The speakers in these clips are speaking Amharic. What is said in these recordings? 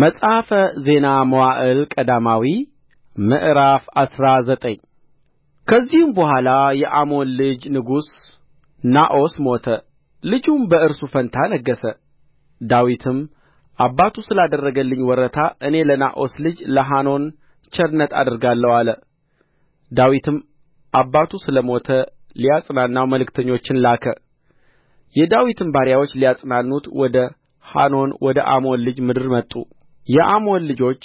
መጽሐፈ ዜና መዋዕል ቀዳማዊ ምዕራፍ አስራ ዘጠኝ ከዚህም በኋላ የአሞን ልጅ ንጉሥ ናዖስ ሞተ፣ ልጁም በእርሱ ፈንታ ነገሠ። ዳዊትም አባቱ ስላደረገልኝ ወረታ እኔ ለናዖስ ልጅ ለሐኖን ቸርነት አደርጋለሁ አለ። ዳዊትም አባቱ ስለ ሞተ ሊያጽናናው መልእክተኞችን ላከ። የዳዊትም ባሪያዎች ሊያጽናኑት ወደ ሐኖን ወደ አሞን ልጅ ምድር መጡ። የአሞን ልጆች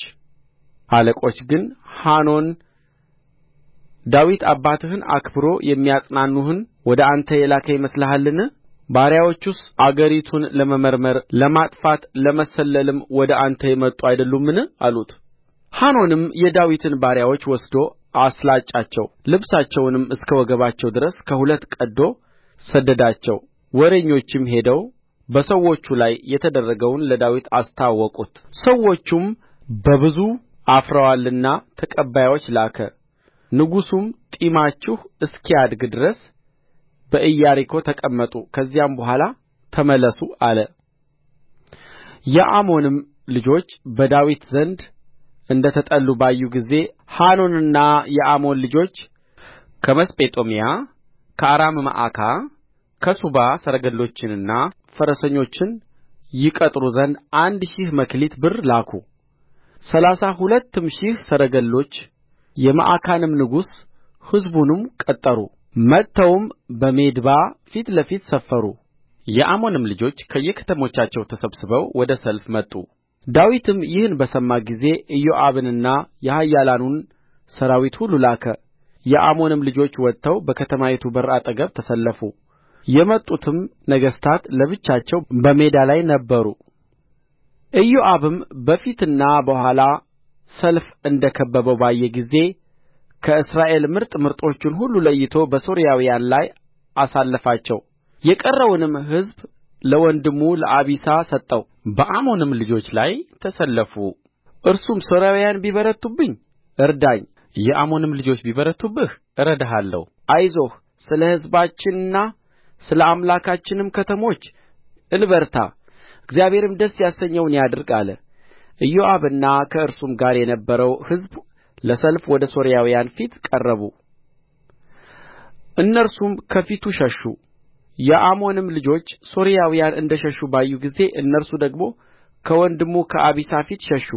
አለቆች ግን ሐኖን ዳዊት አባትህን አክብሮ የሚያጽናኑህን ወደ አንተ የላከ ይመስልሃልን ባሪያዎቹስ አገሪቱን ለመመርመር ለማጥፋት ለመሰለልም ወደ አንተ የመጡ አይደሉምን አሉት ሐኖንም የዳዊትን ባሪያዎች ወስዶ አስላጫቸው ልብሳቸውንም እስከ ወገባቸው ድረስ ከሁለት ቀድዶ ሰደዳቸው ወሬኞችም ሄደው በሰዎቹ ላይ የተደረገውን ለዳዊት አስታወቁት ሰዎቹም በብዙ አፍረዋልና ተቀባዮች ላከ ንጉሡም ጢማችሁ እስኪያድግ ድረስ በኢያሪኮ ተቀመጡ ከዚያም በኋላ ተመለሱ አለ የአሞንም ልጆች በዳዊት ዘንድ እንደ ተጠሉ ባዩ ጊዜ ሐኖንና የአሞን ልጆች ከመስጴጦምያ ከአራምመዓካ ከሱባ ሰረገሎችንና ፈረሰኞችን ይቀጥሩ ዘንድ አንድ ሺህ መክሊት ብር ላኩ ሠላሳ ሁለትም ሺህ ሰረገሎች የመዓካንም ንጉሥ ሕዝቡንም ቀጠሩ መጥተውም በሜድባ ፊት ለፊት ሰፈሩ የአሞንም ልጆች ከየከተሞቻቸው ተሰብስበው ወደ ሰልፍ መጡ ዳዊትም ይህን በሰማ ጊዜ ኢዮአብንና የኃያላኑን ሠራዊት ሁሉ ላከ የአሞንም ልጆች ወጥተው በከተማይቱ በር አጠገብ ተሰለፉ የመጡትም ነገሥታት ለብቻቸው በሜዳ ላይ ነበሩ ኢዮአብም በፊትና በኋላ ሰልፍ እንደ ከበበው ባየ ጊዜ ከእስራኤል ምርጥ ምርጦቹን ሁሉ ለይቶ በሶርያውያን ላይ አሳለፋቸው የቀረውንም ሕዝብ ለወንድሙ ለአቢሳ ሰጠው በአሞንም ልጆች ላይ ተሰለፉ እርሱም ሶርያውያን ቢበረቱብኝ እርዳኝ፣ የአሞንም ልጆች ቢበረቱብህ እረዳሃለሁ፣ አይዞህ ስለ ሕዝባችንና ስለ አምላካችንም ከተሞች እንበርታ እግዚአብሔርም ደስ ያሰኘውን ያድርግ አለ ኢዮአብና ከእርሱም ጋር የነበረው ሕዝብ ለሰልፍ ወደ ሶርያውያን ፊት ቀረቡ እነርሱም ከፊቱ ሸሹ የአሞንም ልጆች ሶርያውያን እንደ ሸሹ ባዩ ጊዜ እነርሱ ደግሞ ከወንድሙ ከአቢሳ ፊት ሸሹ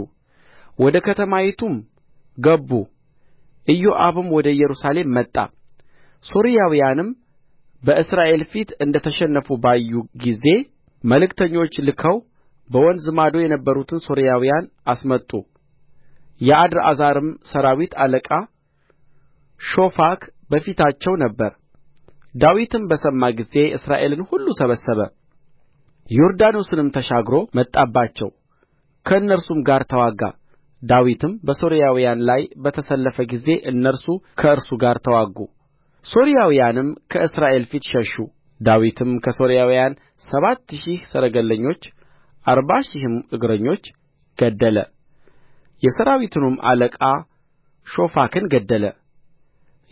ወደ ከተማይቱም ገቡ ኢዮአብም ወደ ኢየሩሳሌም መጣ ሶርያውያንም በእስራኤል ፊት እንደ ተሸነፉ ባዩ ጊዜ መልእክተኞች ልከው በወንዝ ማዶ የነበሩትን ሶርያውያን አስመጡ የአድርአዛርም ሠራዊት አለቃ ሾፋክ በፊታቸው ነበር ዳዊትም በሰማ ጊዜ እስራኤልን ሁሉ ሰበሰበ ዮርዳኖስንም ተሻግሮ መጣባቸው ከእነርሱም ጋር ተዋጋ ዳዊትም በሶርያውያን ላይ በተሰለፈ ጊዜ እነርሱ ከእርሱ ጋር ተዋጉ ሶርያውያንም ከእስራኤል ፊት ሸሹ ዳዊትም ከሶርያውያን ሰባት ሺህ ሰረገለኞች አርባ ሺህም እግረኞች ገደለ የሠራዊቱንም አለቃ ሾፋክን ገደለ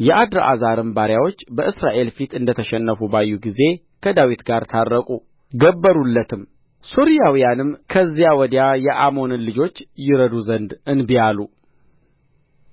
የአድርአዛርም ባሪያዎች በእስራኤል ፊት እንደ ተሸነፉ ባዩ ጊዜ ከዳዊት ጋር ታረቁ ገበሩለትም ሶርያውያንም ከዚያ ወዲያ የአሞንን ልጆች ይረዱ ዘንድ እንቢ አሉ